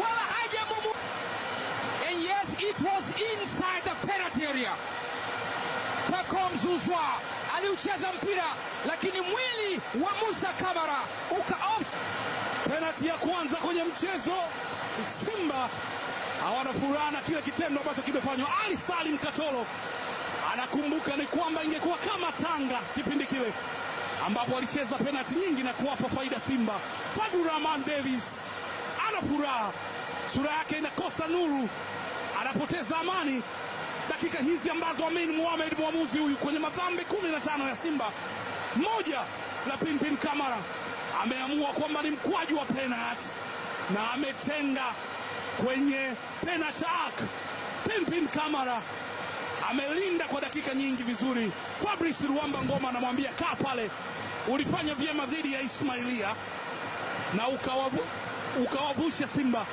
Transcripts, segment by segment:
wala hajamumu. And yes, it was inside the penalty area. Pacome Zouzoua aliucheza mpira lakini mwili wa Musa Kamara uka penalty ya kwanza kwenye mchezo. Simba hawana furaha na kile kitendo ambacho kimefanywa. Ali Salim katolo anakumbuka ni kwamba ingekuwa kama Tanga kipindi kile ambapo alicheza penalti nyingi na kuwapa faida Simba. Fadlu Rahman Davis hana furaha, sura yake inakosa nuru, anapoteza amani dakika hizi ambazo Amin Mohamed mwamuzi huyu kwenye madhambi kumi na tano ya Simba moja la Pinpin Kamara ameamua kwamba ni mkwaju wa penalti na ametenga kwenye penalty arc. Pinpin Kamara amelinda kwa dakika nyingi vizuri. Fabrice Ruamba Ngoma anamwambia kaa pale, ulifanya vyema dhidi ya Ismailia na ukawa ukawavusha Simba,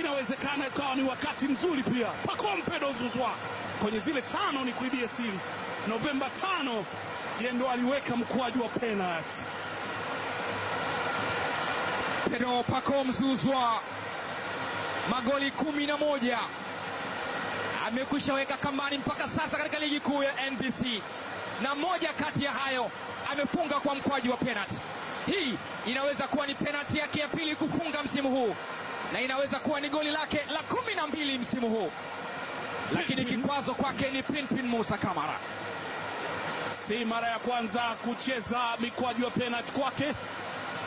inawezekana ikawa ni wakati mzuri pia pakompedo zuzwa kwenye zile tano, ni kuibia siri. Novemba tano, yendo ndo aliweka mkwaju wa penalti Pedro Pacome Mzuzwa magoli kumi na moja amekwisha weka kambani mpaka sasa katika ligi kuu ya NBC, na moja kati ya hayo amefunga kwa mkwaju wa penalti. Hii inaweza kuwa ni penati yake ya pili kufunga msimu huu na inaweza kuwa ni goli lake la kumi na mbili msimu huu, lakini kikwazo kwake ni Pinpin Musa Kamara. Si mara ya kwanza kucheza mikwaju ya penati kwake,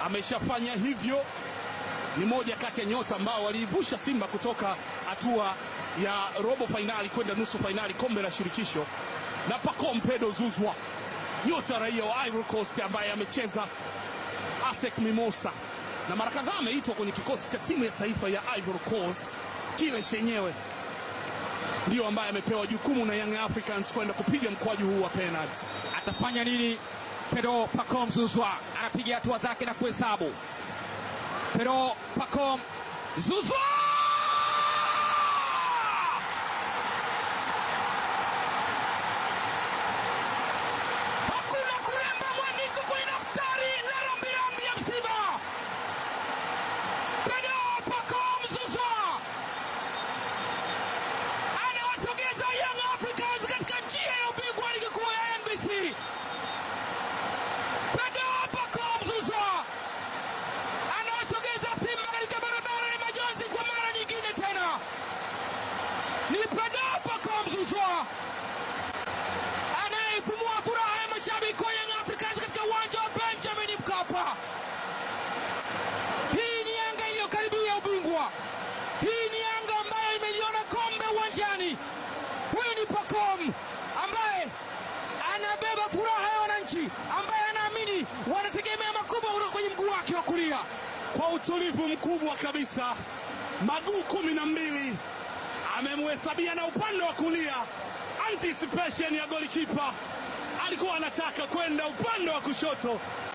ameshafanya hivyo. Ni moja kati ya nyota ambao waliivusha Simba kutoka hatua ya robo fainali kwenda nusu fainali kombe la shirikisho, na pakompedo zuzwa nyota raia wa Ivory Coast ambaye amecheza Asek Mimosa, na mara kadhaa ameitwa kwenye kikosi cha timu ya taifa ya Ivory Coast, kile chenyewe ndiyo ambaye amepewa jukumu na Young Africans kwenda kupiga mkwaju huu wa penalty. Atafanya nini? Pedro Pacom Zuzwa anapiga hatua zake na kuhesabu. Pedro Pacom Zuzwa anayefumua furaha ya mashabiki wa Young Africans katika uwanja wa Benjamin Mkapa. Hii ni Yanga iliyo ubingwa, hii ni Yanga ambayo imeliona kombe uwanjani. Huyu ni ambaye anabeba furaha ya wananchi wanategemea makubwa kutoka kwenye mguu wake wa kulia kwa utulivu mkubwa kabisa. Maguu kumi na mbili amemhesabia na upande wa kulia, anticipation ya golikipa, alikuwa anataka kwenda upande wa kushoto.